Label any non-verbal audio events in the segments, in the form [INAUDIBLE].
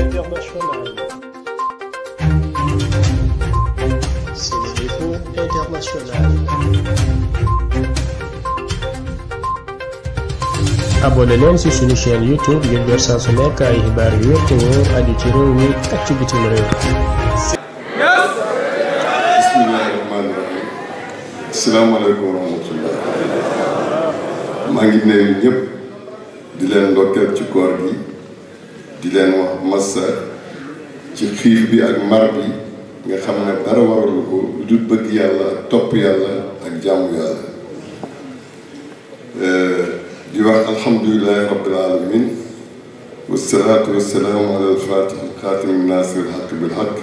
internationale. Sénéinfo International. abonné leen ci suñu chaîne YouTube ngir jot saa su nekk ay xibaar yu wér te wóor aju ci réew mi ak ci bitim réew. bismillaahi rahmaani rahiim. asalaamaaleykum wa rahmatullah. maa ngi nuyu ñëpp di leen ndokkeel ci koor gi. di leen wax massa ci xiif bi ak mar bi nga xam ne dara waralu ko lu dul bëgg yàlla topp yàlla ak jàmm yàlla eh, di wax alhamdulilahi rabbil alamin wasalaatu wasalaamu ala alfatih xaatim nasir alxaq bilxaq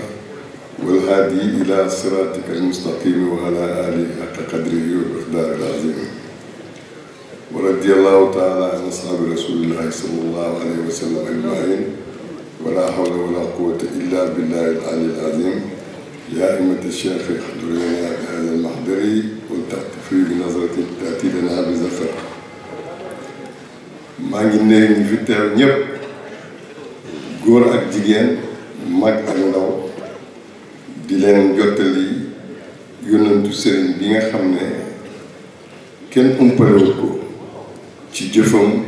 walhaadi ila siratika almustaqim wa ala alihi xaqa qadrihi wa miqdaari alazim wa radiyallahu taala an ashaabi rasulillahi sallallahu alayhi wa sallam ajmain wala hawla wala quwata illa billahi al-ali al-azim ya immati cheikh ihdur lana bi hada al-mahdari wal taxtafir bi nazratin taati lana bi zafar maa ngi nuyu ñu fi teew ñëpp góor ak jigéen mag ak ndaw di leen jottali yónnantu sëriñ bi nga xam ne kenn umpalewul ko ci jëfam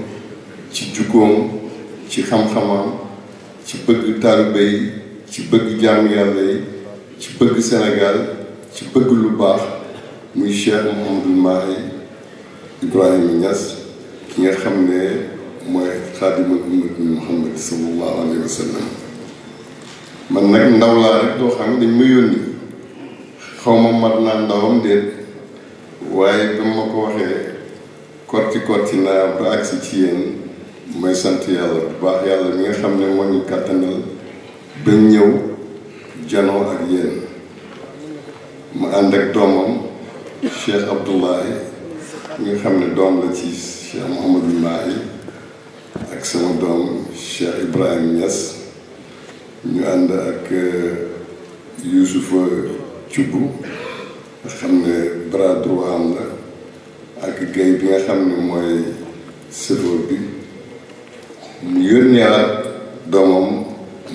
ci jukkoom ci xam-xamam ci bëgg taalibe ci bëgg jaamu ci bëgg Sénégal ci bëgg lu baax muy Cheikh Mouhamadou Mahi Ibrahima Niass ki nga xam ne mooy xaadimul ummat bi Muhammad sallallahu alayhi wa man nag ndaw laa rek doo xam dañ ma yónni xaw ma mat naa ndawam déet waaye ba ko waxee korti korti naa ba agsi ci yéen may sant yàlla bu baax yàlla mi nga xam ne moo ñu kàttanal ba ñëw janoo ak yéen ma ànd ak doomam Cheikh Abdoulahi mi nga xam ne doom la ci Cheikh Mouhamadou Mahi ak sama doom Cheikh Ibrahim Niass ñu ànd ak euh, Youssoufa Thioub nga xam ne bras droit am la ak gay bi nga xam ne mooy sëfoor bi mu yónneewaat doomam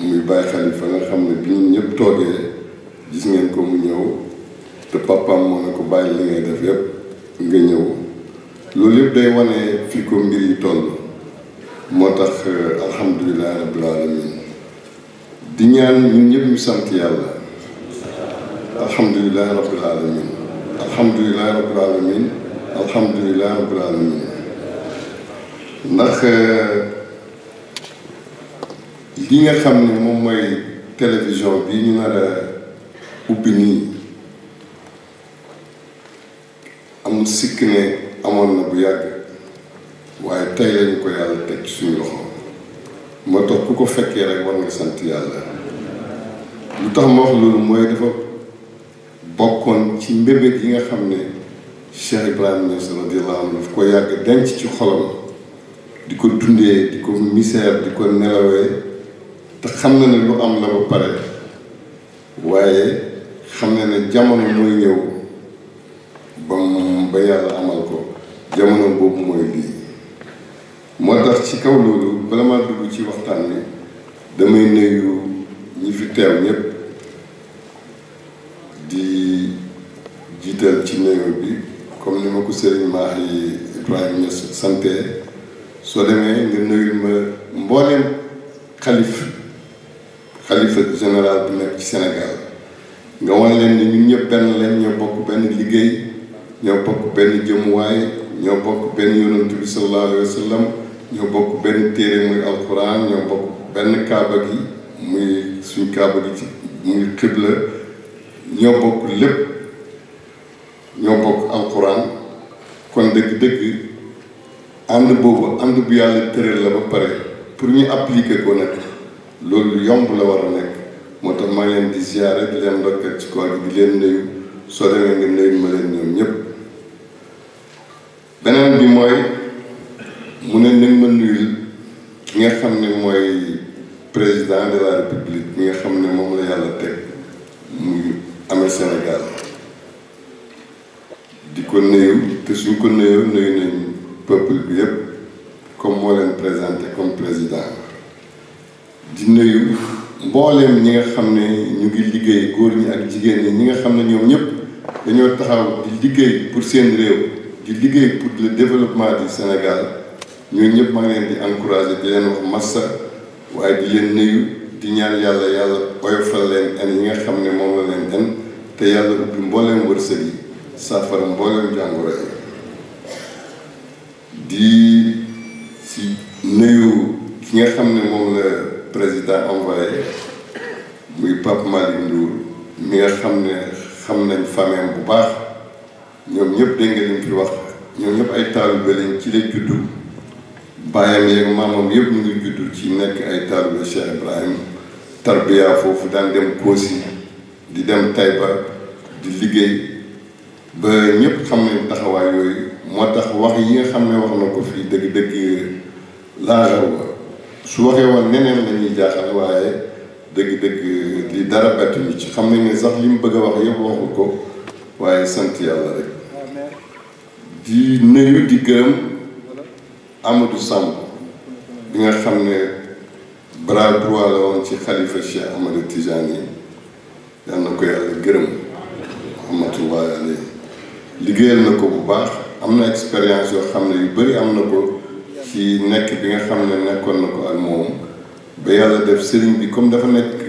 muy bàyyi xalifa nga xam ne bi ñun ñëpp toogee gis ngeen ko mu ñëw te papaam moo ne ko bàyyi li ngay def yëpp nga ñëw loolu yëpp day wane fi ko mbir yi toll moo tax alhamdulilah rabbil alamin di ñaan ñun ñëpp ñu sant yàlla alhamdulilah rabbil alamin alhamdulilah rabbil alamin ndax eh, li nga xam ne moom mooy télévision bi ñu nar a ubbi nii am sikk amoon na bu yàgg waaye tey lañu ko yàlla teg suñu loxo moo tax ko fekkee rek war nga sant yàlla lu tax ma wax loolu mooy dafa bokkoon ci mbébét yi nga xam ne Cheikh Ibrahima Niass radiyallahu anhu daf ko yàgg denc ci xolam di ko dundee di ko misère di ko nelawee te xam na ne lu am na ba pare waaye xam na ne jamono mooy ñëw ba mu ba yàlla amal ko jamono boobu mooy lii moo tax ci kaw loolu bala maa dugg ci waxtaan bi damay nuyu ñi fi teew ñépp di jiital ci néew bi comme ni ma ko sëriñ Mahi Ibrahima Niass sante soo demee nga nuyul ma mbooleem xalif xalifa général bu nekk ci Sénégal nga wan leen ni ñun ñëpp benn lañ ñoo bokk benn liggéey ñoo bokk benn jëmuwaay ñoo bokk benn yonent bi sallallahu alayhi wa ñoo bokk benn téere muy alquran ñoo bokk benn kaaba gi muy suñ kaaba gi ci muy xibla ñoo bokk lépp ñoo bokk alxuraan kon dëgg-dëgg ànd boobu ànd bu yàlla tëral la ba pare pour ñu appliquer ko nag loolu yomb la war a nekk moo tax ma leen di ziare di leen ndokkat ci koor gi di leen nuyu soo demee nga nuyu ma leen ñoom ñëpp beneen bi mooy mu ne nañ ma nuyul nga xam ne mooy président de la république nga xam ne moom la yàlla teg muy amee Sénégal te suñ ko nuyoo nuyu nañ peuple bi yëpp comme moo leen présenté comme président di nuyu mbooleem ñi nga xam ne ñu ngi liggéey góor ñi ak jigéen ñi ñi nga xam ne ñoom ñëpp dañoo taxaw di liggéey pour seen réew di liggéey pour le développement du Sénégal ñoo ñëpp maa ngi leen di encouragé di leen wax massa waaye di leen nuyu di ñaan yàlla yàlla oyofal leen en yi nga xam ne moom la leen en te yàlla ubbi mbooleem wërsëg yi saafara mbooleem jàngoro yi di si nuyu ki nga xam ne moom la président envoyé muy Pape Malick Ndour nga xam ne xam nañ famille bu baax ñoom ñëpp dégg ngeen fi wax ñoom ñëpp ay taalibe lañ ci la juddu baayam yeeg maamam yëpp mu ngi juddu ci nekk ay taalibe Cheikh Ibrahim tarbiya foofu daan dem Koosi di dem Taïba di liggéey ba ñëpp xam nañ taxawaay yooyu moo tax wax yi nga xam ne wax na ko fii dëgg-dëgg laaral la su waxee woon neneen la ñuy jaaxal waaye dëgg-dëgg li dara bett ñu ci xam nañ ne sax li mu bëgg wax yëpp waxul ko waaye di nuyu di bi nga xam ne bras droit la woon ci xalifa Cheikh Amadou Tidiane yi yal na ko yàlla gërëm rahmatullahi alayhi liggéeyal na ko bu baax am na expérience yoo xam ne yu bari am na ko ci nekk bi nga xam ne nekkoon na ko ak moom ba yàlla def sëriñ bi comme dafa nekk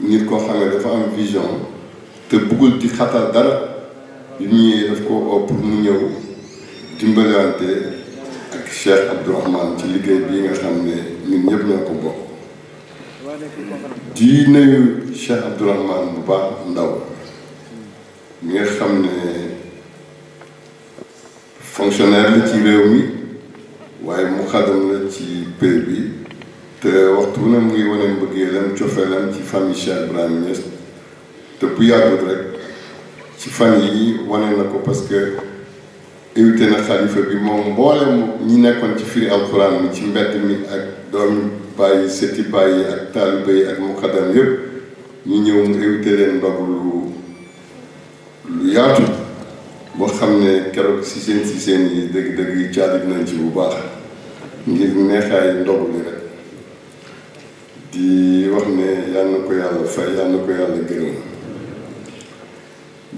nit koo xam ne dafa am vision te bëggul di xatal dara yu ñëwee daf ko opp mu ñëw dimbalante ak Cheikh Abdourahmane ci liggéey bi nga xam ne ñun ñëpp ñoo ko bokk di nuyu Cheikh Abdourahmane bu baax ndaw mi nga xam ne fonctionnaire la ci réew mi waaye mu xadam la ci pays bi te waxtu ne mu ngi wane mbëggeelam cofeelam ci famille Cheikh Ibrahima Niass te yàggut rek ci fan yi wane na ko parce que invité na xalifa bi moom mboolem ñi nekkoon ci firi alxuraan mi ci mbedd mi ak doomi bàyyi seti bàyyi ak taalibe yi ak muqaddam yëpp ñu ñëw mu invité leen ndogu lu lu yaatu boo xam ne keroog si seen si seen yi dëgg-dëgg yi caalit ci bu baax ngir neexaay ndogu li rek di wax ne yàlla na ko yàlla fay yàlla na ko yàlla gërëm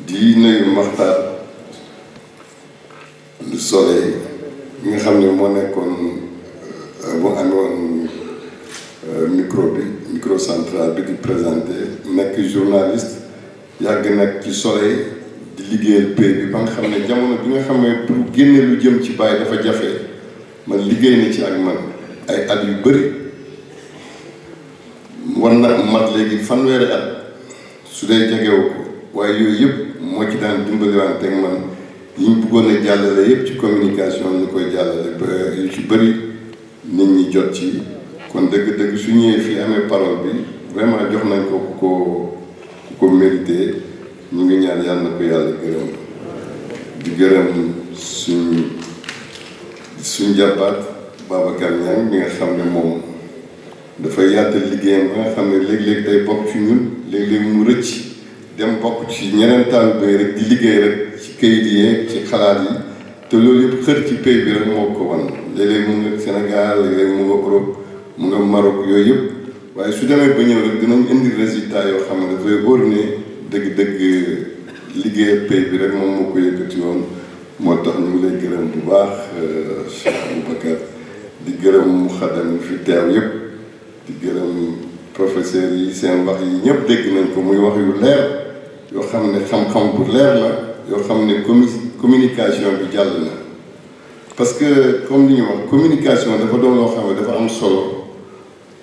di nuyu Maxtaar lu soleil nga xam ne moo nekkoon boo euh, amoon euh, micro bi micro central bi di présenté nekk journaliste yàgg nag ci soleil di liggéeyal père bi ba nga xam ne jamono bi nga xam ne pour génne lu jëm ci bàyyi dafa jafe man liggéey na ci ak man ay at yu bëri war na mat léegi fanweeri at su dee jegewu ko waaye yooyu yëpp moo ci daan dimbaliwante ak man yi ñu bëggoon a jàllale yëpp ci communication ñu koy jàllale ba yu ci bëri nit ñi jot ci kon dëgg-dëgg su fii amee parole bi vraiment jox nañ ko ku ko ku ko mérité ñu ngi ñaan yàlla na ko yàlla gërëm di gërëm suñu suñu jàppaat Babacar Niang mi nga xam ne moom dafay yaatal liggéeyam ba nga xam ne léeg-léeg day bokk ci ñun léeg-léeg mu rëcc dem bokk ci ñeneen taalibe yi di liggéey rek ci kayit yi ci xalaat yi te loolu yëpp xër ci pays bi rek moo ko wan léeg-léeg mu nga Sénégal léeg-léeg mu nga Europe mu nga Maroc yooyu yëpp waaye su demee ba ñëw rek dinañ indi résultat yoo xam ne dafay wóor ne dëgg-dëgg liggéeyal pay bi rek moom moo ko yëkkati woon moo tax ñu ngi lay gërëm bu baax euh, Cheikh Aboubacar di gërëm mu xadam fi teew yëpp di gërëm professeur yi seen wax yi ñëpp dégg nañ ko muy wax yu leer yoo xam ne xam-xam bu leer la yoo xam ne commu communication bi jàll na parce que comme li ñu wax communication dafa doon loo xam dafa am solo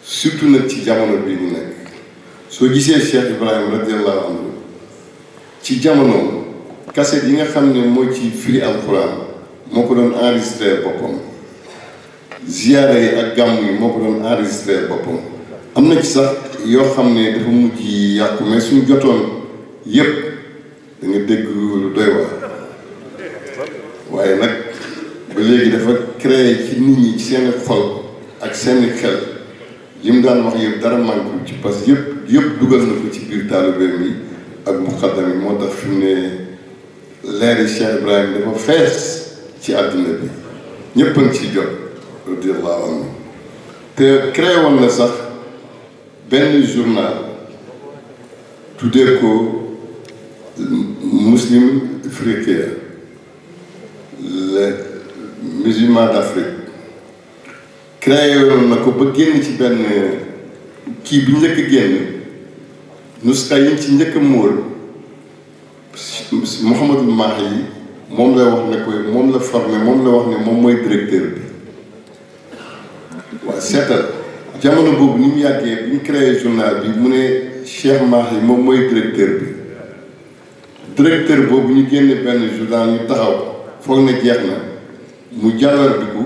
surtout nag ci jamono bii ñu nekk soo gisee Cheikh Ibrahima radiallahu anhu ci jamono kaset yi nga xam ne moo ci am alxuraan moo ko doon enregistré boppam ziyaara yi ak gàmm yi moo ko doon enregistré boppam am na ci sax yoo xam ne dafa mujj yàqu mais suñu jotoon yépp da nga dégg lu doy waar waaye nag ba léegi dafa créer ci nit ñi ci xol ak seen xel li mu daan wax yëpp dara manqué ci parce que yëpp yëpp dugal na ko ci biir taalibe mi ak muqaddam moo tax fi mu ne leeri Cheikh Ibrahima dafa fees ci àddina bi ñëpp a jot radiallahu anhu te créé woon na sax benn journal tuddee ko muslim africain les musulmans d'Afrique créé woon na ko ba génn ci benn kii bi njëkk génn nuska yi ci njëkk a móol Mouhamadou yi moom la wax ne ko moom la formé moom la wax ne moom mooy directeur bi seetal jamono boobu ni mu yàggee bi ñu créé journal bi mu ne Cheikh Mahi yi moom mooy directeur bi directeur boobu ñu génne benn journal ñu taxaw foog ne jeex na mu jàllar bi ko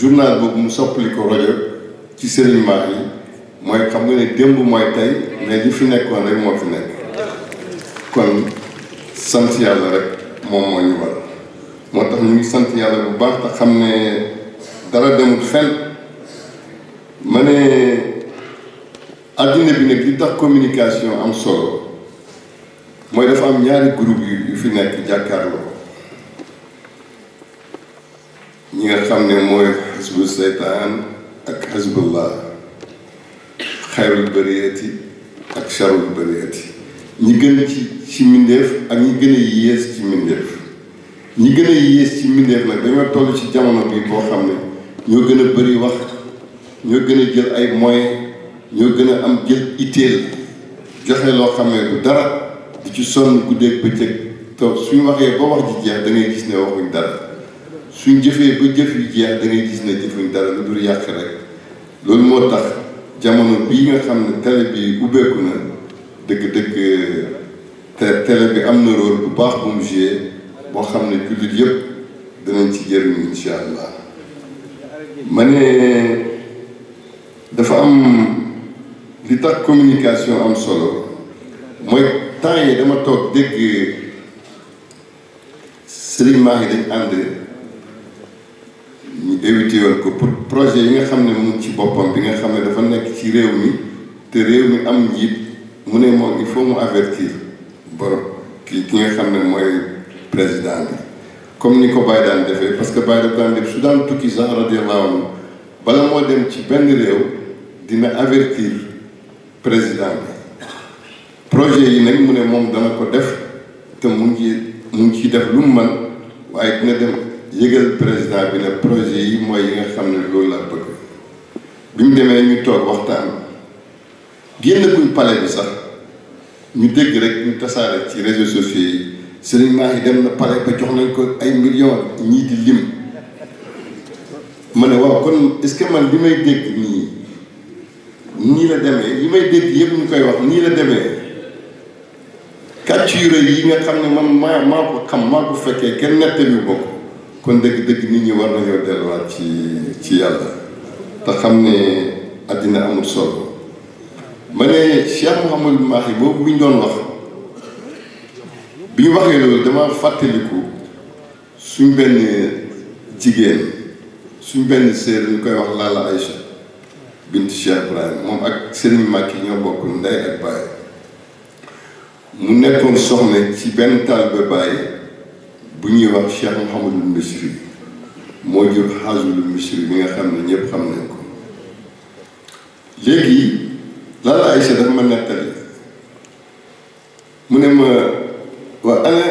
journal boobu mu soppali ko rajo ci Serigne Mahi yi mooy xam nga ne démb mooy tey mais li fi nekkoon rek moo fi nekk kon sant yàlla rek moom moo ñu war moo tax ñu ngi sant yàlla bu baax te xam ne dara demul fenn ma ne àddina bi nag li tax communication am solo mooy dafa am ñaari groupe yu fi nekk jàkkaarloo ñi nga xam ne mooy xisbu seytaan ak xisbullah xayrul bariyati ak sharul bariyati ñi gën ci ci ak ñi gën a yées ci mbindeef ñi gën a yées ci mbindeef nag dañoo toll ci jamono bi boo xam ne ñoo gën a bëri wax ñoo gën a jël ay moye ñoo gën a am jël itteel joxe loo xam ne du dara di ci sonn guddeeg bëccëg toog suñu waxee ba wax ji jeex da gis ne waxuñ dara suñ jëfee ba jëf yu jeex da ngay gis ne jëfuñ dara lu dul yàq rek loolu moo tax jamono bii nga xam ne télé bi ubbeeku na dëgg-dëgg te télé bi am na rôle bu baax bu mu joué boo xam ne jullit yëpp dinañ ci jëriñu ma ne dafa am li ta communication am solo mooy temps yi dama toog dégg sëriñ maa ngi dañ ànd ñu ko pour projet yi nga xam ne mu ngi ci boppam bi nga xam ne dafa nekk ci réew mi te réew mi am njiit mu ne moom il faut mu avertir borom ki ki nga xam ne mooy président bi comme ni ko Baye daan defee parce que Baye daf daan def su daan tukki sax radiyallahu anhu bala moo dem ci benn réew dina avertir président bi projet yi nag mu ne moom dana ko def te mu ngi mu ngi ciy def lu mu man waaye dina dem yëgal président bi ne projet yi mooy yi nga xam ne loolu laa bëgg bi ñu demee ñu toog waxtaan génn kuñ pale bi sax ñu dégg rek ñu tasaare ci réseaux sociaux yi sëriñ Mahi dem na pale ba jox nañ ko ay millions ñii di lim ma ne waaw kon est-ce man li may dégg nii ñii la demee li may dégg yëpp ñu koy wax nii la demee kàcc yi nga xam ne man maa maa ko xam maa ko fekkee kenn nettali yu bokk kon dëgg-dëgg nit ñi war nañoo delluwaat ci ci yàlla te xam ne àddina amul solo ma ne Cheikh doon wax bi fàttaliku suñ benn benn séeréer moom ak Serigne Macky ñoo bokk ndey ak baay mu nekkoon soxna ci benn taal ba bàyyi bu ñuy wax Cheikh Mouhamadul Misri moo jur xaajul Misri mi nga xam ne ñëpp xam nañ ko léegi lala Aysa dafa ma nettali mu ne ma waa ana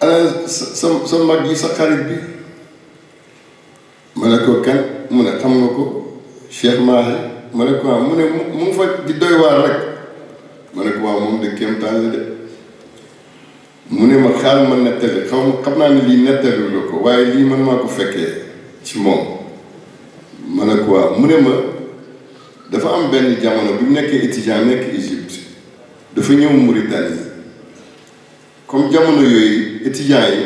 ana sa sa xarit bi ma ne ko kan mu ne xam nga ko Cheikh Mahi ma ne ko ah, mu mu fa di doy waar rek ma ne ko waaw moom de kéemtaan la de mu ne ma xaal ma nettali xaw xam naa ne lii nettali ko waaye lii man maa ko fekkee ci moom ma ne ko waaw mu ne ma dafa am benn jamono bi mu nekkee étudiant nekk Égypte dafa ñëw Mauritanie comme jamono yooyu étudiants yi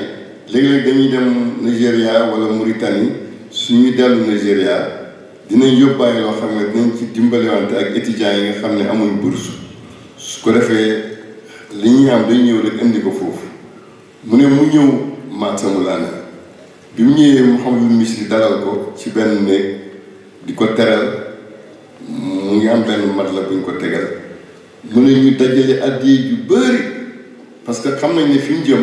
léeg-léeg dañuy dem Nigéria wala Mauritanie suñu dellu Nigéria dinañ yóbbaay loo xam ne dinañ ci dimbalewante ak étudiants yi nga xam ne amul bourse su ko defee. li ñu am day ñëw rek indi ko foofu mu ne mu ñëw Matam laana bi mu ñëwee Mouhamadul Misri dalal ko ci benn néeg di ko teral mu ngi am benn mat la bu ñu ko tegal mu ne ñu dajale addiya ju bëri parce que xam nañ ne fi mu jëm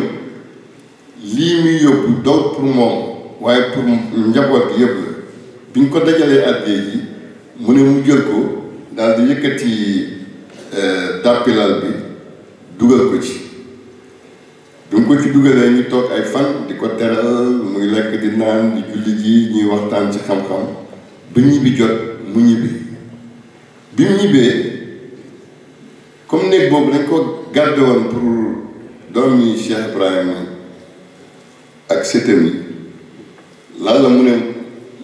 lii muy yóbbu dool pour moom waaye pour njaboot bi yëpp la bi ñu ko dajalee addiya yi mu ne mu jël ko daal di yëkkati euh, dàppilal bi dugal ko ci bi mu ko ci dugalee ñu toog ay fan di ko teral muy lekk di naan di julli ji ñuy waxtaan ci xam-xam ba ñibbi jot mu ñibbi bi mu ñibbee comme néeg boobu dañ ko gàdde woon pour doomi Cheikh Ibrahima ak setam yi laa mu ne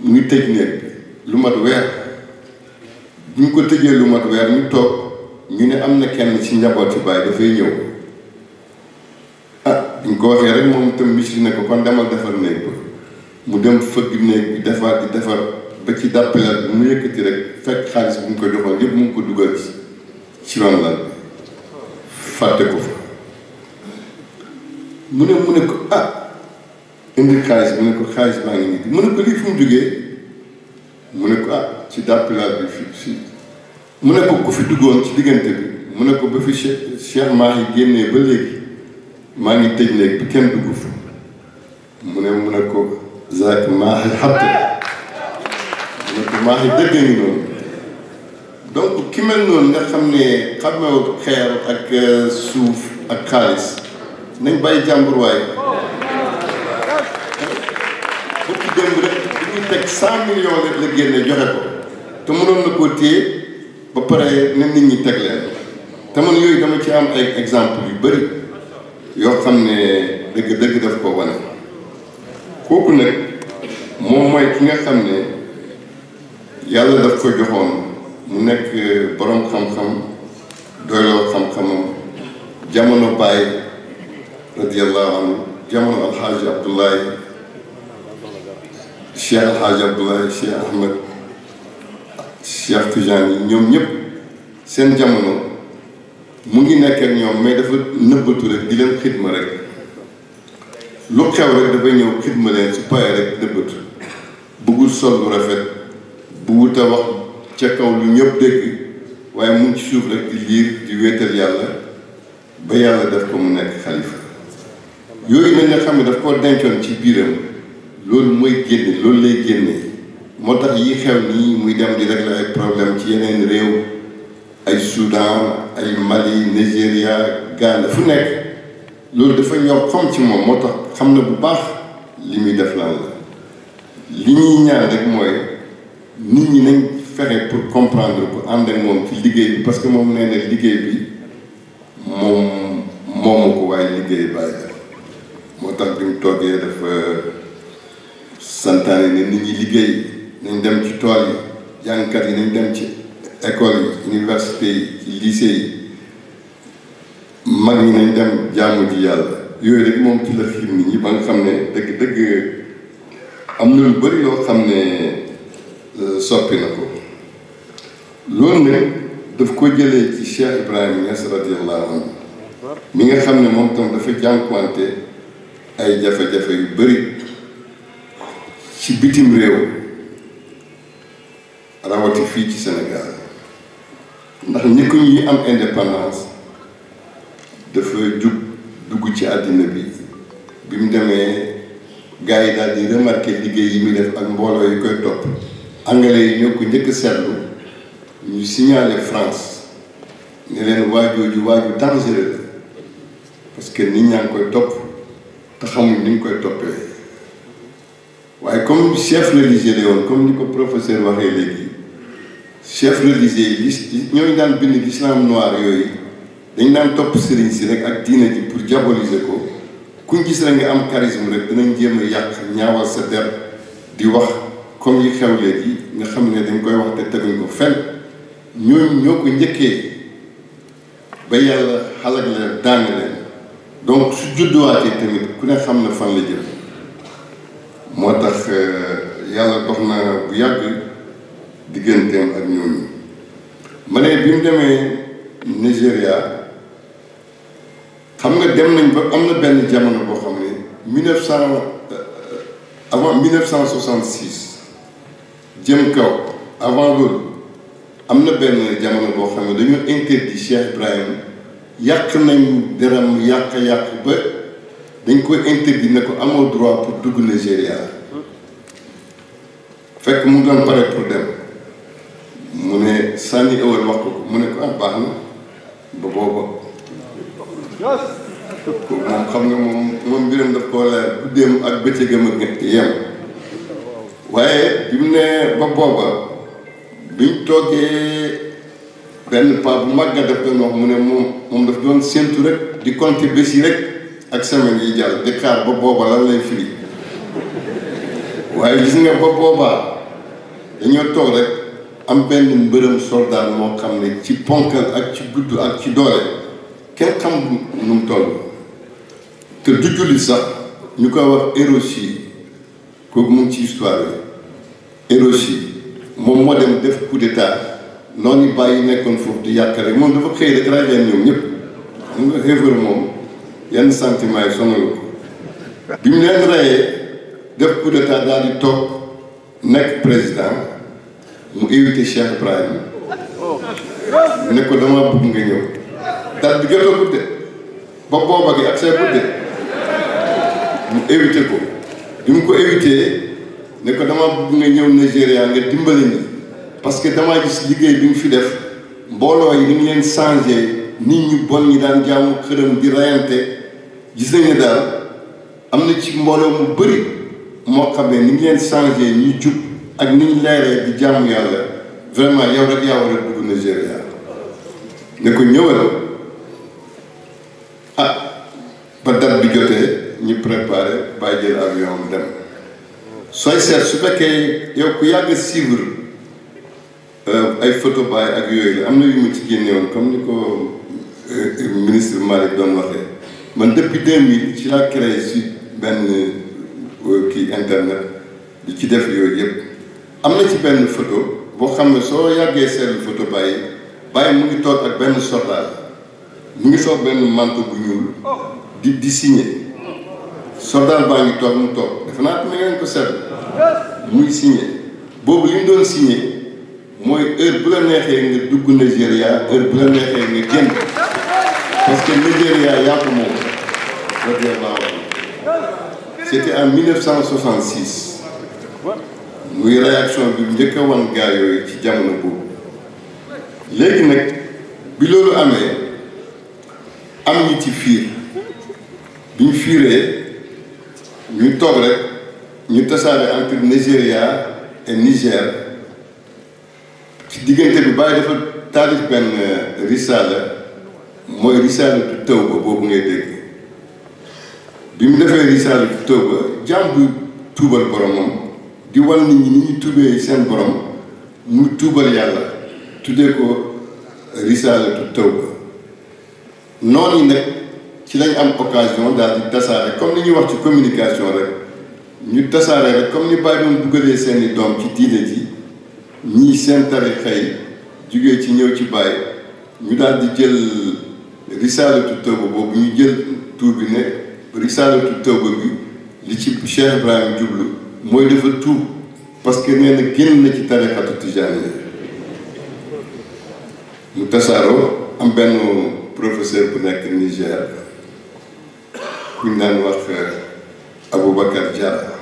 mu ngi tëj néeg lu mat weer ñu ko tëjee lu mat weer ñu toog ñu ne am na kenn ci njabootu baay dafay ñëw ah buñ ko waxee rek moom itam bis ne ko kon demal defar néeg ba mu dem fëgg néeg bi defar di defar ba ci dàppalaat bi mu yëkkati rek fekk xaalis bu mu ko joxoon yëpp mu ngi ko dugal ci ci ron lal fàtte ko fa mu ne ko ah indi xaalis mu ne ko xaalis baa ngi nii mu ne ko lii fu mu jógee mu ne ko ah ci dàppalaat bi fii mu ne ko ku fi duggoon ci diggante bi mu ne ko ba fi Cheikh Cheikh Mahi génnee ba léegi maa ngi tëj néeg kenn dugg fa mu ne mu ne ko zaak Mahi xatt mu ne ko Mahi dëgg ngi noonu donc ki mel noonu nga xam ne xamewu xeer ak euh, suuf ak xaalis nañ bàyyi jàmbur waay bu ci démb rek bu ñu teg cent millions rek la génne joxe ko te mënoon na koo téye ba pare na nit ñi teg leen te man dama ci am ay exemple yu bëri yoo xam ne dëgg dëgg daf ko wane kooku nag moom mooy ki nga xam ne yàlla daf ko joxoon mu nekk boroom xam-xam doyloo xam-xamam jamono baay radiyallahu anhu abdullahi cheikh alxaaji abdullahi cheikh ahmed Cheikh Tidiane yi ñoom ñëpp seen jamono mu ngi nekk ak ñoom mais dafa nëbbatu rek di leen xidma rek lu xew rek dafay ñëw xidma leen su payee rek nëbbatu bëggul sol rafet bu wut wax ca kaw lu ñëpp dégg waaye mu ngi ci suuf rek liir di wéetal yàlla ba yàlla def ko mu nekk xalifa yooyu nag nga xam ne daf koo dencoon ci biiram loolu mooy génne loolu lay génne moo tax yi xew nii muy dem di régler ay problème ci yeneen réew ay Soudan ay Mali Nigéria Ghana fu nekk loolu dafa ñor comme ci moom moo tax xam na bu baax li muy def lan la li ñuy ñaan rek mooy nit ñi nañ fere pour comprendre ko ànd ak moom ci liggéey bi parce que moom nee na liggéey bi moom moomu ko waaye liggéey bàyyi moo tax bi mu toogee dafa santaane ne nit ñi liggéey nañ dem ci tool yi jàngkat yi nañ dem ci école yi université yi lycée yi mag ñi nañ dem jaamu ji yàlla yooyu rek moom ci la film nit ñi ba nga xam ne dëgg dëgg am na lu bari loo xam ne euh, soppi na ko loolu nag daf ko jëlee ci Cheikh Ibrahima Niass radiyallahu mi nga xam ne moom tam dafa jànkuwante ay jafe-jafe yu bëri ci bitim réew rawati fii ci Sénégal ndax ñi ko am indépendance dafa jug dugg ci àddina bi bi mu demee gars yi daal di remarqué liggéey yi muy def ak mbooloo yi koy topp anglais yi ñoo ko njëkk seetlu ñu signalé France ne leen waajooju waaju dangereux la parce que nit ñaa ngi koy topp te xamul ni ñu koy toppee waaye comme chef religieux la woon comme ni ko professeur waxee léegi chef religieux yi li ñooñu daan bind l'islam noir yooyu dañ daan topp sëriñ si rek ak diine pour diaboliser ko kuñ gis rek nga am charisme rek dinañ jéem a yàq ñaawal sa der di wax comme yi xew léegi nga xam ne dañ koy wax te teguñ ko fenn ñooñu ñoo ko njëkkee ba yàlla xalak la daan donc su judduwaatee tamit ku ne xam na fan la jëm moo tax euh, yàlla dox na bu yàgg digganteem ak ñooñu ma bi mu demee Nigéria xam nga dem nañ ba am na benn jamono boo xam ne mille neuf cent euh, avant mille kaw avant am na benn jamono boo xam ne dañoo interdit Cheikh yàq nañ deram yàq-yàq ba dañ koy interdit ne ko amoo droit pour dugg Nigéria hmm. fekk mu doon pare pour dem sànni ëwal wax ko mu ne ko ah baax na ba booba moom xam nga moom moom mbiram daf koo leer guddeem ak bëccëgam ak ñett yem waaye bi mu ne ba booba bu màgg a mu ne moom moom daf doon séentu rek di compter si yi rek ak semaine yi jàll di xaar ba booba la lay firi waaye gis nga ba boobaa dañoo toog rek am benn mbërëm soldat moo xam ne ci ponkal ak ci gudd ak ci doole kenn xam nu mu toll te du julli sax ñu koy wax Hiroshi kooku mu ngi ci histoire yi Hiroshi moom moo dem def coup d'état noonu ñu bàyyi nekkoon foofu di yàq rek moom dafa xëy rek rajo yi ñoom ñëpp mu nga xeefar moom yenn sentiment yi sonal ko bi mu leen rayee def coup d'état daal di toog nekk président. mu invité Cheikh Ibrahima ne ko dama bëgg nga ñëw date bi jot a gudde ba booba gi ak see gudde mu invité ko bi mu ko invité ne ko dama bëgg nga ñëw Nigéria nga dimbali ni parce que dama gis liggéey bi mu fi def mbooloo yi ni leen changé nit ñu bon ñi daan jaamu këram di rayante gis nañu daal am na ci mbooloo mu bëri moo xam ne ni ñu leen changé ñuy jub ak ni ñu leeree di jaamu yàlla vraiment yow rek yaa war a dugg Nigeria ne ko ñëwal ah ba date bi jotee ñu préparé bàyyi jël avion am dem sooy seet su fekkee yow ku yàgg suivre euh, ay photo baay ak yooyu am na yu mu ci génnewoon comme ni ko euh, ministre Malick doon waxee man depuis 2000 ci laa si benn euh, kii internet di ci def yooyu yëpp. am na ci benn photo boo xam ne soo yàggee seen photo bàyyi bàyyi mu ngi toog ak benn soldat mu ngi soo benn manteau bu ñuul di di signé soldat baa ngi toog mu toog defe naa ne ngeen ko seetlu muy signé boobu li mu doon signé mooy heure bu la neexee nga dugg Nigéria heure bu la neexee nga génn parce que Nigéria yaa ko moom loolu yëpp laa wax c'était en 1966. muy réaction bi njëkk a wan gaa yooyu ci jamono boobu léegi nag bi loolu amee am ñu ci fii bi ñu fiiree ñu toog rek ñu tasaare entre Nigéria et Niger ci diggante bi bàyyi dafa taalif benn euh, risaala mooy risaalatu tawba boobu ngay dégg bi mu defee risaalatu tawba jaam bu tuubal boromam di wan nit ñi ni ñu tuubee seen borom mu tuubal yàlla tuddee ko risaalatu tawba noonu yi ci lañ am occasion daal di tasaare comme ni ñuy wax ci communication rek ñu tasaare rek comme ni bàyyi doon dugalee seeni doom ci diine ji ñii seen tarixa yi jugee ci ñëw ci bàyyi ñu daal di jël risaalatu tawba boobu ñu jël tuub bi ne risaalatu tawba bi li ci Cheikh Ibrahim jublu mooy dafa tuub parce que nee na génn na ci tarixatu tijaani mu tasaaroo am benn professeur bu nekk Niger kuñ naan wax euh, Aboubacar Diarra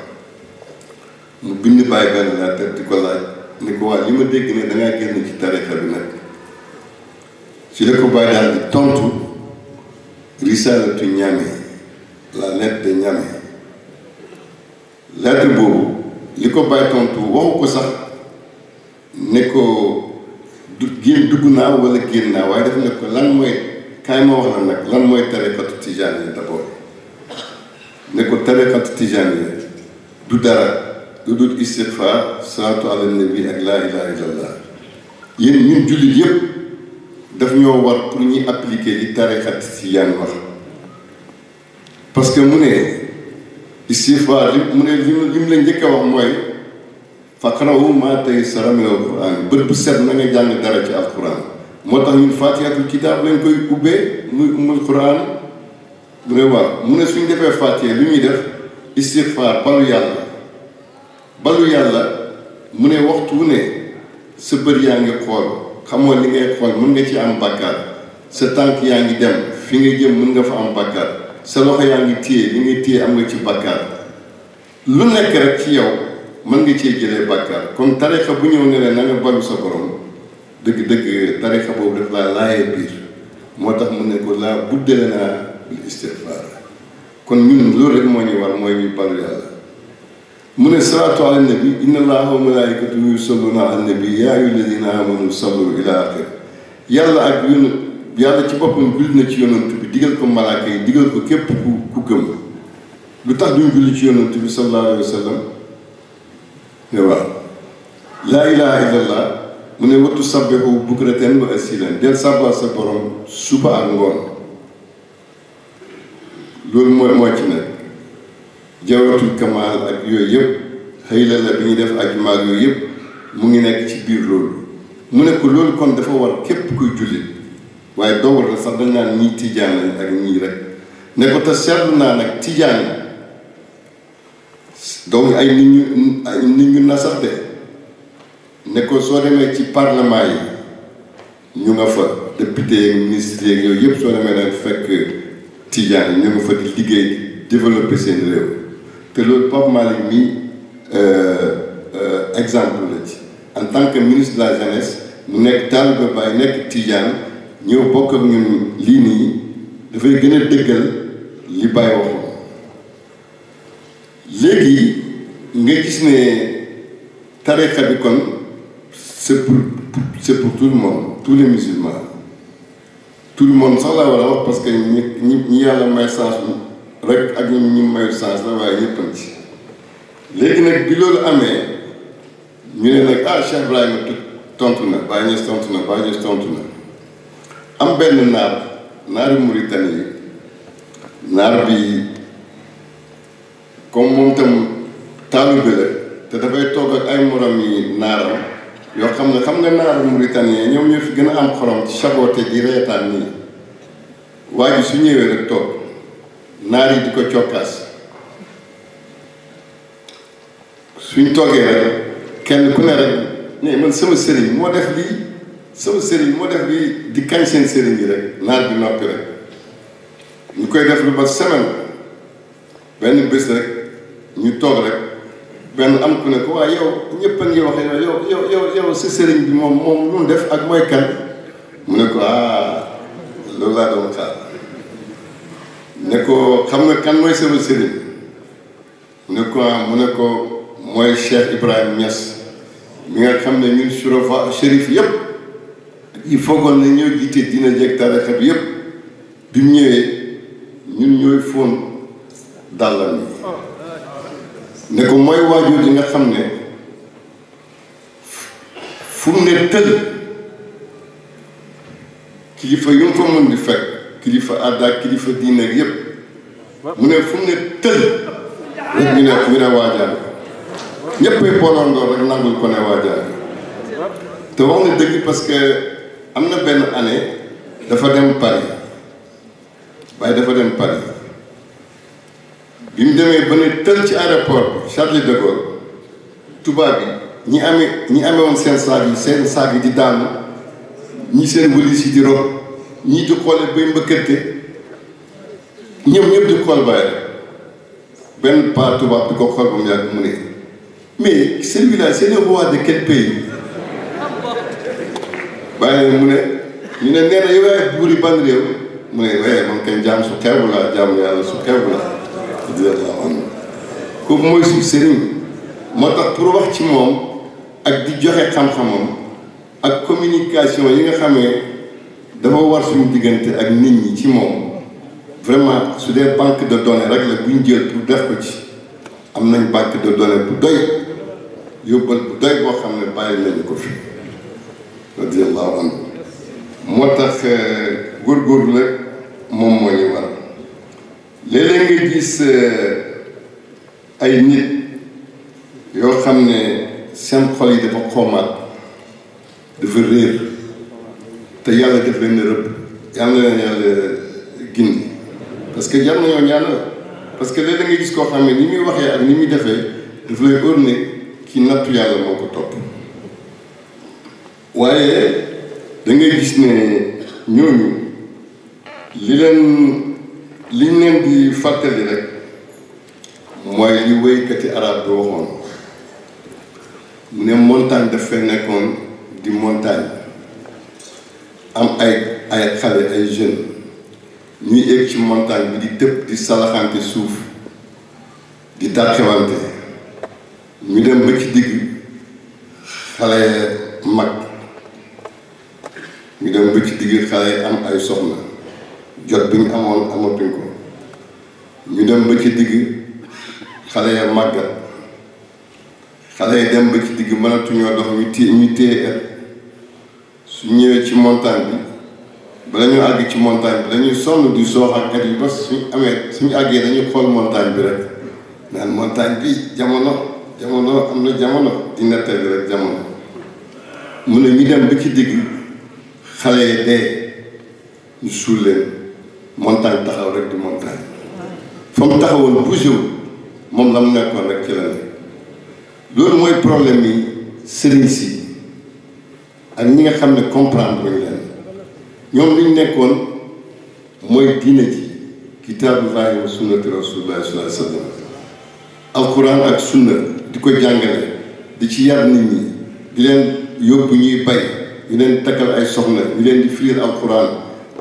mu bind bàyyi benn lettre di ko laaj ni ko waa li ma dégg ne dangaa génn ci tarixa bi nag ci la ko bàyyi daal di tontu risalatu ñame la lettre de ñame lettre boobu li ko bàyyi tontu waxu ko sax ne ko du génn dugg naa wala génn naa waaye def ne ko lan mooy kaay ma wax la nag lan mooy tariqatu tijaan yi d'abord ne ko tariqatu du dara du dul istighfar salaatu ala nabi ak laa ilaha illallah yéen ñun jullit yëpp daf ñoo war pour ñuy appliquer li tariqatu tijaan wax parce que mu ne istighfar li mu ne li mu li mu leen njëkk a wax mooy faqrahu maa tayassara min alquran bët bu set na nga jàng dara ci alquran moo tax ñun fatihatul kitaab lañ koy ubbee muy umul quran mu ne waaw mu ne suñ defee fatiha lu ñuy def istighfar balu yàlla balu yàlla mu ne waxtu ne sa bër yaa ngi xool xamoo li ngay xool mun nga ci am bàkkaar sa tànk yaa ngi dem fi nga jëm mën nga fa am bàkkaar sa loxo yaa ngi téye li ngay téye am nga ci bàkkaar lu nekk rek ci yow mën nga cee jëlee bàkkaar kon tarixa bu ñëw ne la na sa borom dëgg dëgg tarixa boobu daf laa laayee biir moo tax mu ne laa buddale naa lu istigfaar kon ñun loolu rek moo ñu war mooy ñu balu yàlla mu ne salaatu ala nabi inna allaha wa malaikatahu yusalluna ala nabi yaa ayyuha alladina amanu sallu ila axir yàlla ak yónn yàlla ci boppam julli na ci yonantu digal ko malaaka yi digal ko képp ku ku gëm lu tax duñ julli ci yonent bi sallallahu alayhi wa sallam ne waaw laa ilaha illallah mu ne wattu sabbihu bukratan wa asilan del sabbal sa borom suba ak loolu mooy moo nag jawratul kamaal ak yooyu yëpp xëy la bi ñuy def ak maag yooyu yëpp mu ngi nekk ci biir loolu mu ne ko loolu kon dafa war képp kuy jullit waaye dong la sax dañ naan ñii tijaan lañ ak ñii rek ne ko te seetlu naa nag tijaan yi donc ay nit ñu ay ñu na sax de ne ko soo demee ci parlement yi ñu nga fa député yeeg yëpp soo demee nag fekk yi ñu nga fa liggéey développer seen réew te loolu Pape Malick mi euh, euh, exemple la ci en tant que ministre la jeunesse mu nekk taalibe Baay nekk tijaan ñëw bokk ak ñun lii nii dafay gën dëggal li Baye waxoon léegi nga gis ne tariqa bi kon c'est pour c'est pour tout le monde tous les musulmans tout le monde sax war a wax parce que ñi ñi ñi yàlla may chance rek ak ñu ñu mayul chance la waaye ñëpp ci léegi nag bi loolu amee ñu ne nag ah Cheikh Ibrahima tontu na Baye Niass tontu na Baye Niass tontu na am benn naar naari Mauritanie naar bi comme moom tam taalibe la te dafay toog ak ay morom naaram yoo xam ne xam nga naaru yi ñoom ñoo fi gën a am xorom ci saboté ji reetaan nii waa su ñëwee rek toog naar yi di ko cokkaas suñ toogee rek kenn ku ne rek ne man sama sëriñ moo def lii sama sëriñ moo def bi di kañ seen sëriñ yi rek naar bi noppi rek ñu koy def lu ba semaine benn bés rek ñu toog rek benn am ku ne ko waaye yow ñëpp a ngi wax yow yow si sëriñ bi moom moom lu mu def ak mooy kan mu ne ko ah loolu laa doon xaar ne ko xam nga kan mooy sama sëriñ ne ko ah, mu ne ko mooy Cheikh Ibrahim Niass mi nga xam ne ñun surofa shérif yëpp. yi foogoon na ñoo jiite dina jeeg tarixa bi yépp bi mu ñëwee ñun ñooy fóon dàllam yi ne ko mooy waajur di nga xam ne fu mu ne tël kilifa yu mu fa di fekk kilifa àddaa kilifa diine ak yépp mu ne fu mu ne tël rek ñu ne ñu ne waajaan ñéppay booloon rek nangul ko ne waajaan te wax na dëgg parce am na benn année dafa dem Paris waaye dafa dem Paris bi mu demee ba ne tël ci aéroport Charles de Gaulle tubaab bi ñi amee ñi amee woon seen saag yi seen saag yi di daanu ñi seen wëlis yi di ñi ñii di xoole bay mbëkkante ñëw ñëpp di xool bàyyi rek benn pas tubaab bi ko xool ba mu yàgg mu ne mais celui-là c'est le roi de quel pays bàyyi mu ne ñu ne nee na yow yaay buuri ban réew mu ne waaye man kenn jaam su xew la jaam yàlla su xew la radiyallaahu anhu kooku mooy suñu sëriñ moo tax pour wax ci moom ak di joxe xam-xamam ak communication yi nga xamee dafa war suñu diggante ak nit ñi ci moom vraiment su dee banque de données rek la bu ñu jël pour def ko ci am nañ banque de données bu doy yóbbal bu doy boo xam ne bàyyi nañu ko fii radiallahu anhu moo tax euh, góorgóorlu rek moom moo ñu war léeg-léeg nga gis euh, ay nit yoo xam ne seen xol yi dafa xoomaat dafa réer te yàlla def leen rëbb yàlla na leen yàlla gindi parce que jar nañoo ñaanal parce que léeg-léeg nga gis koo xam ne ni muy waxee ak ni muy defee daf lay óor ne ki nattu yàlla moo ko topp waaye da gis ne ñooñu li leen liñ leen di fàttali rek mooy li wéykati arab bi waxoon mu ne montagne daf fee nekkoon di montagne am ay ay xale ay jeunes ñuy yéeg ci montagne bi di tëb di salaxante suuf di dàqewante ñu dem ba ci digg xale mag dem ba ci digg xale yi am ay soxna jot bi ñu amoon amatuñ ko ñu dem ba ci digg xale ya màggat xale yi dem ba ci digg mënatuñoo dox ñu téye ñu téye er. su ñëwee ci montagne bi bala ñu àgg ci montagne bi dañuy sonn di soox ak et er yi ba suñu amee suñu àggee dañuy xool montagne bi rek naan montagne bi jamono jamono am na jamono di nettali rek jamono mu ne ñu dem ba ci digg xale yi dee ñu suul leen montagne taxaw rek di montagne fa mu taxawoon bougé wul moom la mu nekkoon rek ci la loolu mooy problème yi sëriñ si ak ñi nga xam ne comprendre buñu leen ñoom li ñu nekkoon mooy diine ji kitaabullaahi wa sunnati rasuulillaahi sallallaahu alayhi wa sallam alquran ak sunna di ko jàngale di ci yar nit ñi di leen yóbbu ñuy bay ñu leen takkal ay soxna ñu leen di firil alquran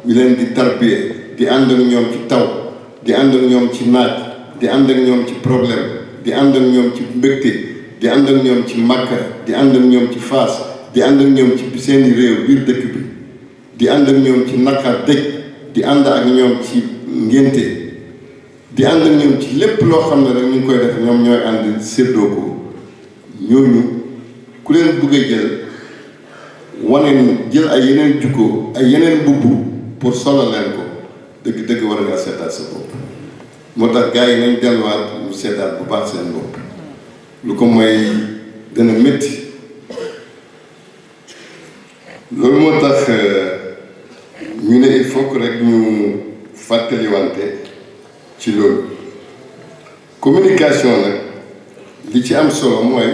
ñu leen di tarbiye di ànd ak ñoom ci taw di ànd ak ñoom ci naaj di ànd ak ñoom ci problème di ànd ci mbégte di ànd ci màkka di ànd ak ci faas di ànd ak ñoom ci seeni réew biir dëkk bi di ànd ak ñoom ci naqar dëj di ànd ak ñoom ci ngénte di ànd ak ñoom ci lépp loo xam ne rek ñu koy def ñoom ñooy ànd séddoo ko ñooñu ku leen bëgg jël waneen jël ay yeneen jukko ay yeneen bubb pour solo leen ko dëgg dëgg war ngaa seetaat sa bopp moo tax gars yi nañ delluwaat ñu seetaat bu baax seen bopp lu ko moy dana métti loolu moo tax euh, ñu ne il faut rek ñu fàttaliwante ci loolu communication nag li ci am solo mooy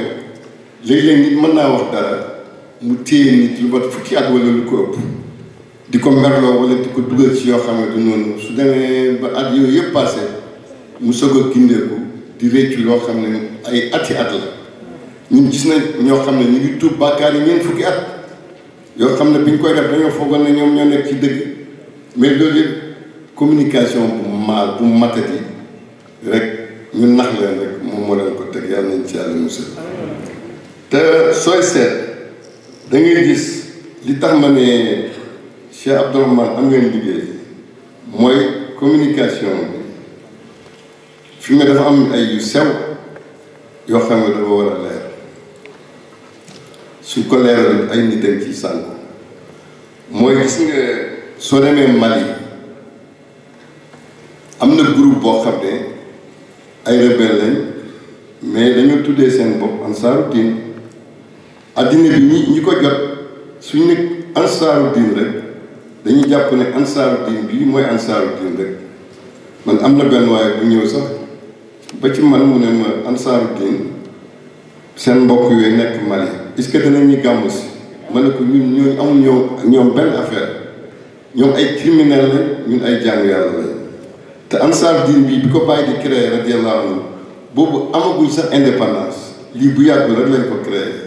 léeg-léeg nit mën naa wax dara mu téye nit lu mat fukki at wala lu ko ëpp di ko merloo wala di ko dugal ci yoo xam ne du noonu su demee ba at yooyu yëpp passé mu soog a gindeeku di réccu yoo xam ne ay ati at la ñun gis nañ ñoo xam ne ñu ngi tuub bàkkaar yi ñeent fukki at yoo xam ne bi ñu koy def dañoo foogoon ne ñoo nekk ci dëgg mais loolu communication bu maal bu matati rek ñu nax leen rek moom moo leen ko teg yàlla nañ ci yàlla musal te sooy seet da gis li tax ma ne Cheikh Abdourahmane am ngeen liggéey mooy communication bi fi nga dafa am ay yu sew yoo xam ne dafa war a leer suñ ko leeral ay nit dañ ciy sànku mooy gis nga soo demee Mali am na groupe boo xam ne ay rebelle mais dañu tuddee seen bopp Ansaarud Din addina bi ñi ñi ko jot suñ ne ansaaru diin jàpp ne ansaaru diin bii mooy ansaaru diin rek man am na benn waaye bu ñëw sax ba ci man mu ne ma ansaaru diin seen mbokk yooyu nekk Mali est-ce que danañ ñu gàmmu si ma ne ko ñu ñooñu amul ñoom ñoom benn affaire ñoom ay criminel lañ ñun ay jàng yàlla lañ te ansaaru diin bii bi ko bàyyi di créé radiyallahu anhu boobu amagul sax indépendance lii bu yàggul rek lañ ko créé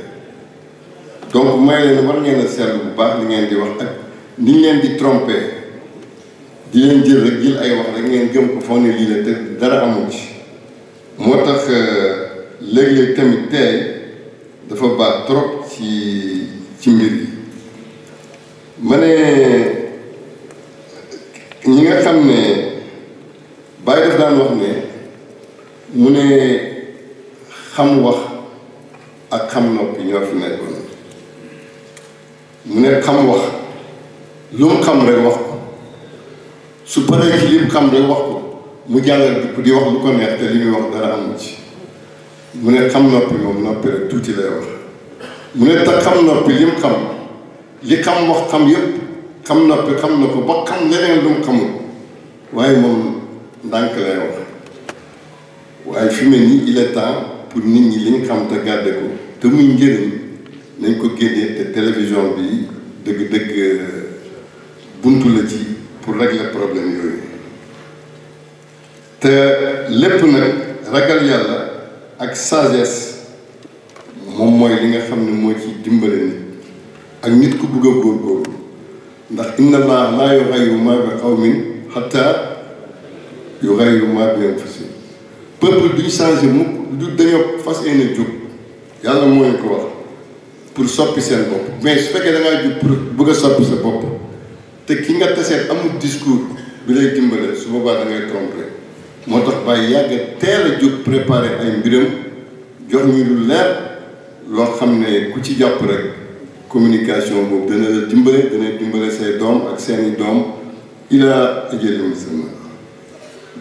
donc may leen war ngeen a seetlu bu baax li ngeen di wax ak ni leen di trompé di leen jël rek jël ay wax rek ngeen gëm ko foog ne lii la te dara amul ci. moo tax euh, léeg-léeg tamit tey dafa baax trop ci ci mbir yi ma ñi nga xam ne bàyyi daf daan wax ne mu ne xam wax ak xam noppi ñoo fi nekk. mu ne xam wax lu mu xam rek wax ko su paree ci li xam rek wax ko mu jàllal di wax lu ko neex te li muy wax dara amu ci mu ne xam noppi moom noppi rek tuuti lay wax mu ne te xam noppi lim mu xam li xam wax xam yépp xam noppi xam na ko ba xam leneen lu mu xamul waaye moom ndànk lay wax waaye fi nii il est pour nit ñi li ñu xam te gàdde ko te muy njëriñ nañ ko génnee te télévision bi dëgg-dëgg euh, buntu la ci pour régler problème yooyu te lépp nag ragal yàlla ak sagesse moom mooy li nga xam ni moo ci dimbale nit ak nit ku bëgg a góorgóorlu ndax inna allah laa yughayyiru maa bi qawmin hattaa yughayyiru maa bi anfusihim peuple duñ changé mukk du dañoo fas yéene jóg yàlla mooy leen ko wax pour soppi seen bopp mais su fekkee da ngaa jub pour bëgg soppi sa bopp te ki nga tasee amul discours bi lay dimbale su boobaa da ngay trompé moo tax bàyyi yàgg teel a jóg préparé ay mbiram jox ñu lu leer loo xam ne ku ci jàpp rek communication boobu dana la dimbale dana dimbale say doom ak seeni doom ilaa ajalin musammaa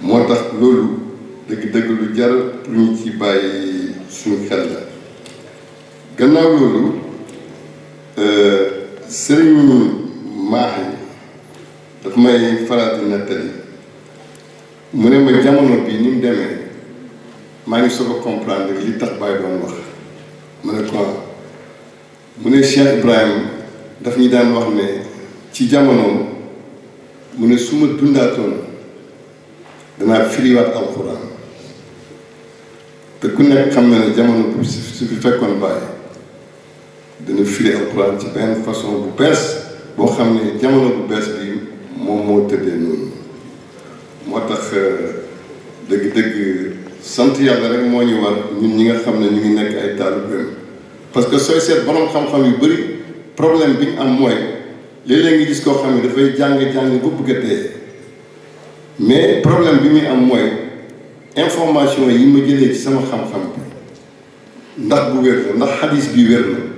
moo tax loolu dëgg-dëgg lu jar lu ñu ci bàyyi suñu xel la gannaaw loolu Euh, sëriñ maax yi daf may faral nettali mu ne ma jamono bi ñu mu demee maa ngi soog a comprendre li tax bàyyi doon wax mu ne quoi mu ne Cheikh Ibrahim daf ñu daan wax ne ci jamono mu ne su ma dundaatoon danaa firiwaat alxuraan te ku nekk xam na ne jamono bi su fi fekkoon bàyyi dana firi alxuraan ci benn façon bu bees boo xam ne jamono bu bees bi moom moo tëddee noonu moo tax euh, dëgg-dëgg sant yàlla rek moo ñuy war ñun ñi nga xam ne ñu ngi nekk ay taalibeem parce que sooy seet borom xam-xam yu bëri problème bi ñu am mooy léeg-léeg gis koo xam ne dafay jàng-jàng bu bëgg mais problème bi muy am mooy information yi ma jëlee ci sama xam-xam bi ndax bu wér la ndax xadis bi wér la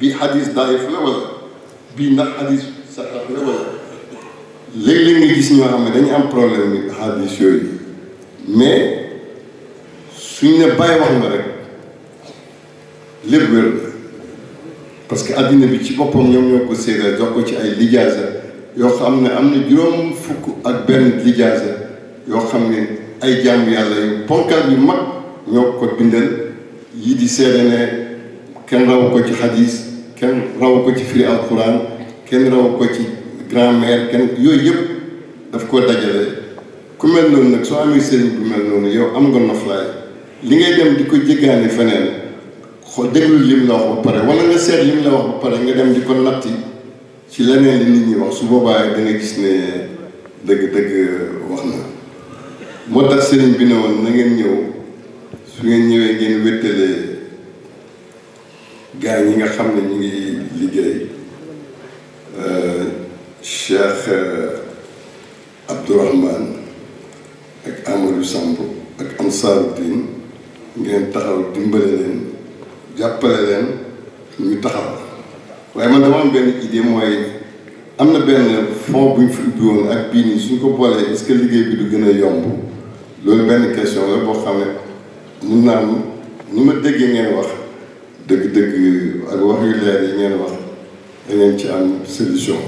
bi xadis daif la wala bii ndax xadis saxax la wala léeg-léeg nga gis ñoo xam ne dañu am problème ni xadis yooyu mais suñ ne bàyyi wax nga rek lépp wér parce que àddina bi ci boppam ñoom ñoo ko séeréer jox ko ci ay lijaasa yoo xam ne am na juróom fukk ak benn lijaasa yoo xam ne ay jàmm yàlla yu ponkal yu mag ñoo ko bindal yi di seede ne kenn raw ko ci xadis kenn raw ko ci firi alquran kenn raw ko ci grammaire kenn yooyu yëpp daf koo dajale ku mel noonu nag soo amee sëriñ bu mel noonu yow am nga noflaay li ngay dem di ko jéggaani feneen xo déglu lim la wax ba pare wala nga seet lim la wax ba pare nga dem di ko natti ci leneen li nit ñi wax su boobaa da gis ne dëgg-dëgg wax na moo tax sëriñ bi ne woon na ngeen ñëw su ngeen ñëwee ngeen wéttalee gaa yi nga xam ne ñu ngi liggéey euh, Cheikh euh, Abdourahmane ak Amadou Samb ak Ansaruddin ngeen taxaw dimbale leen jàppale leen ñu taxaw waaye man dama am benn idée mooy am na benn fond bu ñu fi ubbi woon ak bii nii suñ ko boolee est-ce liggéey bi du gën a yomb loolu benn question la boo xam ne mun naa ni ma déggee ngeen wax dëgg-dëgg ak wax yu leer yi ngeen wax da ngeen ci am solution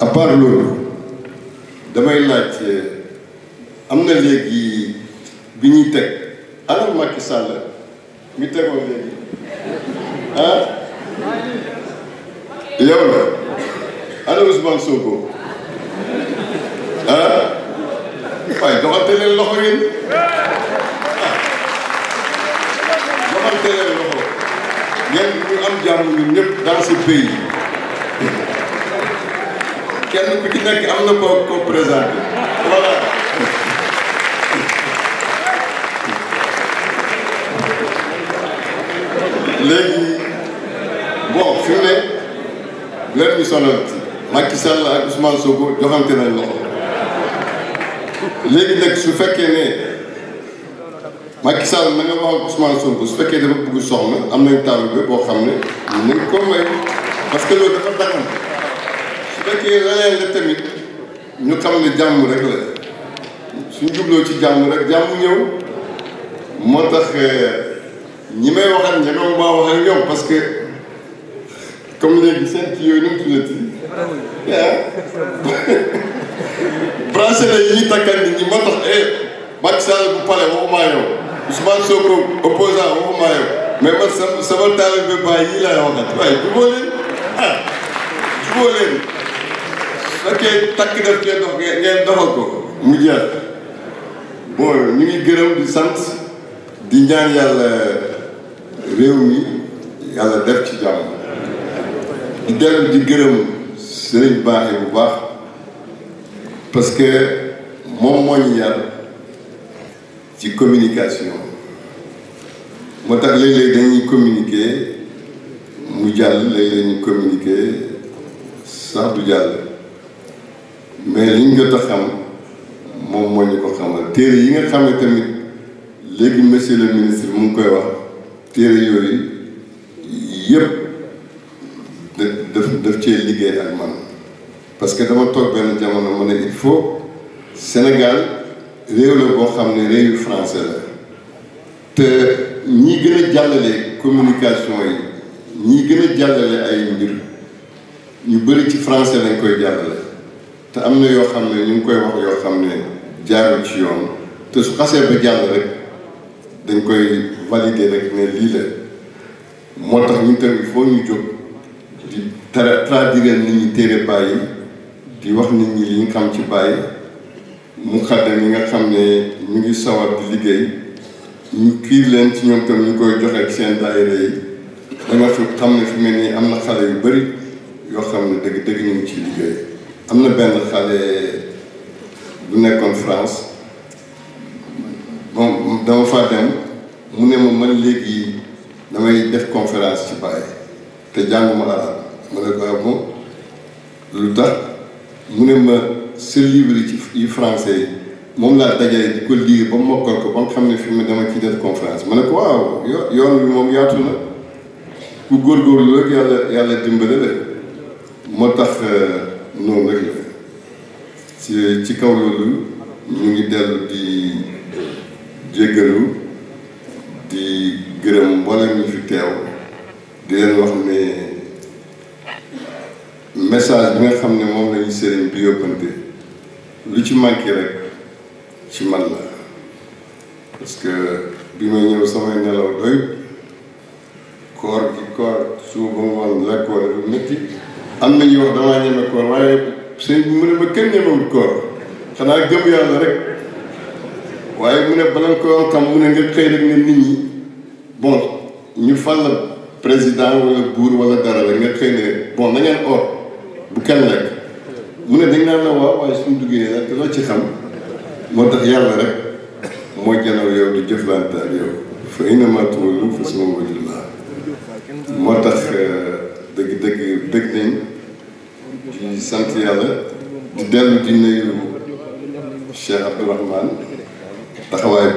à loolu damay laaj am na léegi bi ñuy teg alal Macky Sall mi tegoon léegi ah yow la alal Ousmane Sonko ah waaye doxate leen loxo ngeen ñu am jàmm ñun ñëpp dans ce pays kenn ku am na koo ko présenté voilà. léegi bon fi mu ne bu leen ñu ak Ousmane Sonko joxante nañ loxo léegi su fekkee ne. Macky Sall na nga waxal Ousmane Sonko su fekkee dafa bëgg soxna am nañ taalibe boo xam ne nañ ko may parce que loolu dafa dagan su fekkee leneen la tamit ñu xam ne jàmm rek la suñ jubloo ci jàmm rek jàmm ñëw moo tax eh, ñi may waxal ñoom maa wax ak ñoom parce que comme léegi seen kii yooyu nu mu tuddati ah [LAUGHS] yi ñuy takkal nit ñi moo tax eh Macky bu pare waxumaa yow. Ousmane Sonko opposant waxuma yow mais man sama sama taalibe baay yi laay waxat waaye jubóo leen ah jubóo leen fekkee takk def ngeen dox ngeen doxal ko mu jeex bon ñu ngi gërëm di sant di ñaan yàlla réew mi yàlla def ci jàmm di dellu di gërëm sëriñ baaxe bu baax parce que moom moo ñu ci communication moo tax léeg-léeg dañuy communiquer mu jàll léeg-léeg ñu sax du jàll mais liñ jot a xam moom moo ñu ko xamal téere yi nga xam ne tamit léegi monsieur ministre mu ngi koy wax téere yooyu yëpp daf daf cee liggéey ak man parce que dama toog benn jamono ma ne il faut Sénégal réew la boo xam ne réewu français la te ñi gën a jàllale communication yi ñi gën a jàllale ay mbir ñu bëri ci français dañ koy jàllale te am na yoo xam ne ñu ngi koy wax yoo xam ne jaarul ci yoon te su xasee ba jàll rek dañ koy valider rek ne lii la moo tax ñu tamit foo ñu jóg di tra traduire nit ñi téere bàyyi di wax nit ñi li ñu xam ci bàyyi muxaddam yi nga xam ne ñu ngi sawar di liggéey ñu kiir leen ci ñoom tam ñu koy joxe seen daayira danga xam ne fi mel nii am na xale yu bëri yoo xam ne dëgg dëgg ñu ngi ciy liggéey am na benn xale bu nekkoon France bon dama fa dem mu ne ma man léegi damay def conférence ci Baye te jànguma arab ma ne ko ah lu tax mu ne ma sur livre yi ci yi moom laa dajale di ko liir ba mokkal ko ba xam ne fi mu dama ci def conférence ma ko waaw yo yoon bi moom yaatu na ku góorgóorlu rek yàlla yàlla dimbale la moo tax euh, noonu rek la ci ci kaw loolu ñu ngi dellu di jéggalu di gërëm mboolem ñu fi teew di leen wax ne message bi nga xam ne moom lañu sëriñ bi yóbbante lu ci manqué rek ci man la parce bi may ñëw samay nelaw doy koor gi koor suba ba ngoon lekkoor lu métti am na ñuy wax damaa ñeme koor waaye sëñ bi mu ne ma kenn ñemewul koor xanaa gëm yàlla rek waaye mu ne balal koor tam mu ne nga xëy rek ne nit ñi bon ñu fal président wala buur wala dara la nga xëy ne bon na ngeen or bu kenn lekk ne dañ naan waaw waaye suñ duggee nag loo ci xam moo tax yàlla rek mooy janaw yow di jëflante ak yow fa innamaa tuwalluu fa sawfa yu'tiikum moo tax euh, dëgg dëgg dëgg nañ bi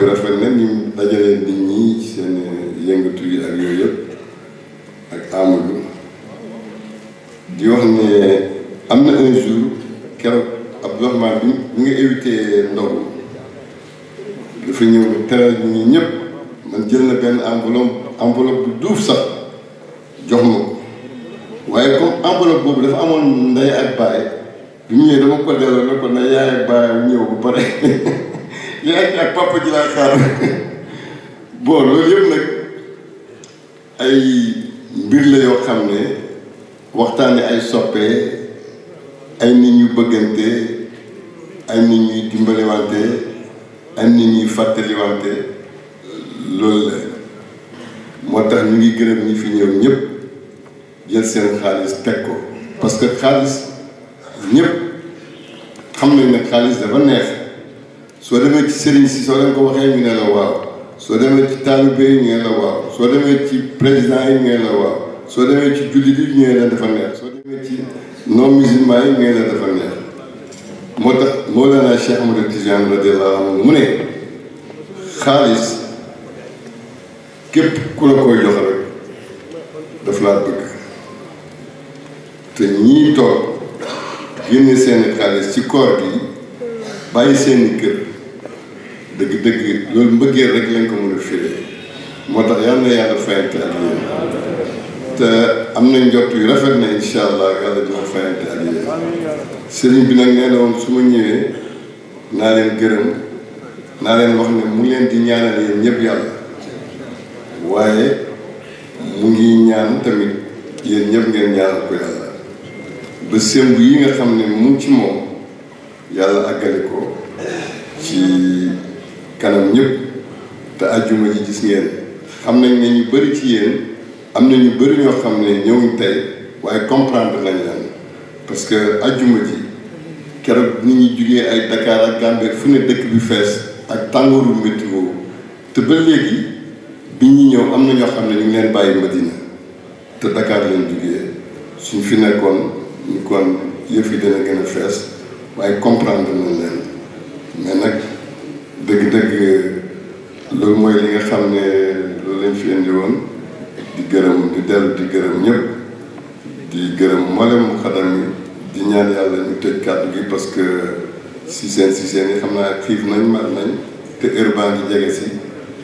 rafet na ni seen yëngatu yi ak yooyu yëpp ak Amadou di wax ne. bi nga invité Ndao dafa ñëw teral ñu ñëpp man jël na benn enveloppe enveloppe bu duuf sax jox ma ko waaye comme enveloppe boobu dafa amoon ndey ak baay bi ñëwee dama ko delloo ne ko ne yaay ak ñëw ba pare [LAUGHS] yaay ak papa ji laa xaar [LAUGHS] bon loolu yëpp nag ay mbir la yoo xam ne waxtaane ay soppee ay nit ñu bëggante ay nit ñuy dimbaliwante ay nit ñuy fàttaliwante loolu la moo tax ñu ngi gërëm ñi fi ñëw ñëpp jël seen xaalis teg ko parce que xaalis ñëpp xam nañ ne xaalis dafa neex soo demee ci sëriñ si soo leen ko waxee ñu ne la waaw soo demee ci taalibe yi ñu ne la waaw soo demee ci président yi ñu ne la waaw soo demee ci jullit yi ñu ne la dafa neex soo demee ci non yi ñu ne la dafa neex moo tax Mawlana Cheikh Amadou Tidiane radiyallahu anhu mu ne xaalis képp ku la koy jox rek daf laa bëgg te ñii toog génne seeni xaalis ci koor gi bàyyi seeni kër dëgg-dëgg loolu mbëggeel rek lañ ko mën a firi moo tax yàlla na yàlla fayante ak yéen te am na njot yu rafet na incha allah yàlla dina fayante ak yéen sëriñ bi nag nee na woon su ma ñëwee naa leen gërëm naa leen wax ne mu leen di ñaanal yéen ñëpp yàlla waaye mu ngi ñaan tamit yéen ñëpp ngeen ñaanal ko yàlla ba sémb yi nga xam ne mu ci moom yàlla àggale ko ci kanam ñëpp te àjjuma ji gis ngeen xam nañ ne ñu bëri ci yéen am na ñu bëri ñoo xam ne ñëwuñ tey waaye comprendre nañ leen parce que àjjuma ji keroog nit ñi jugee ay Dakar ak Gambie fu ne dëkk bi fees ak tàngooru métti woowu te ba léegi bi ñu ñëw am na ñoo xam ne ñu ngi leen bàyyi Madina te dakaar leen jugee suñ fi nekkoon ñu kon yëf yi dana gën a fees waaye comprendre nañ leen mais nag dëgg-dëgg loolu mooy li nga xam ne loolu lañ fi indi woon di gërëm di dellu di gërëm ñëpp di gërëm mboolem xadam yi di ñaan yàlla ñu tëj kàddu gi parce que si seen si seen yi xam naa xiif nañ mar nañ te heure baa ngi jege si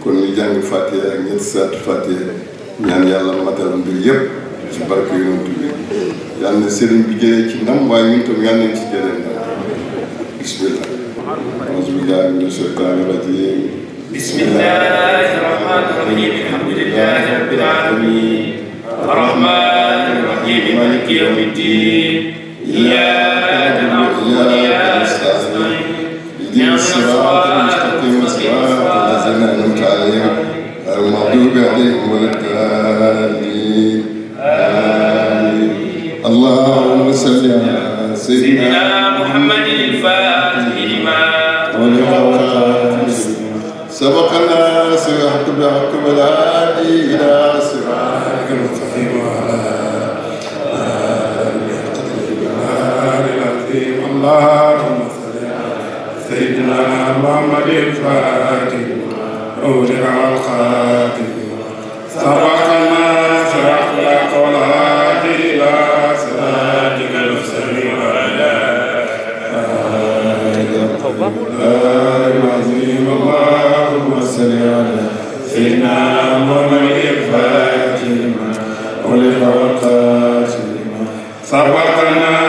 kon ñu jàng fàttee ak ñetti saatu fàttee ñaan yàlla matal mbir yëpp ci barke yonent bi yàlla na sëriñ bi jëlee ci ndam waaye ñun tam yàlla nañ ci jëlee ndam bismillah auzu billahi mina shaytaani rajim bismillahi rahmani rahim alhamdulillahi rabbil alamin arrahmani rahim maliki yawmiddin إياك نعبد وإياك نستعين اهدنا الصراط المستقيم صراط الذين أنعمت عليهم غير المغضوب عليهم ولا الضالين آمين اللهم صل على سيدنا محمد الفاتح لما سبق الناس ويحكم بالحق والهادي إلى اللهم صل على سيدنا محمد الفاتح نور على الخاتم سبق ما سبق قولات إلى صلاتك نفسي وعلى العظيم اللهم صل على سيدنا محمد الفاتح ولقاء القاتل سبقنا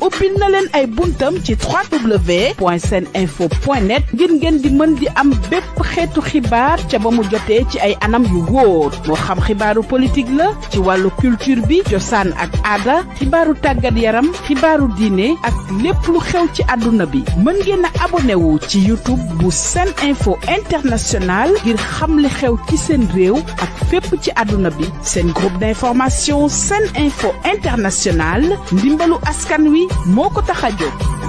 ubbil na leen ay buntam ci info net ngir ngeen di mën di am bépp xeetu xibaar ca ba mu jotee ci ay anam yu wóor moo xam xibaaru politique la ci wàllu culture bi cosaan ak aada xibaaru tàggat yaram xibaaru diine ak lépp lu xew ci àdduna bi mën ngeen a abonné wu ci YouTube bu Sene Info International ngir xam li xew ci seen réew ak fépp ci àdduna bi seen groupe d'information Sene Info International ndimbalu askan wi moo ko tax a jóg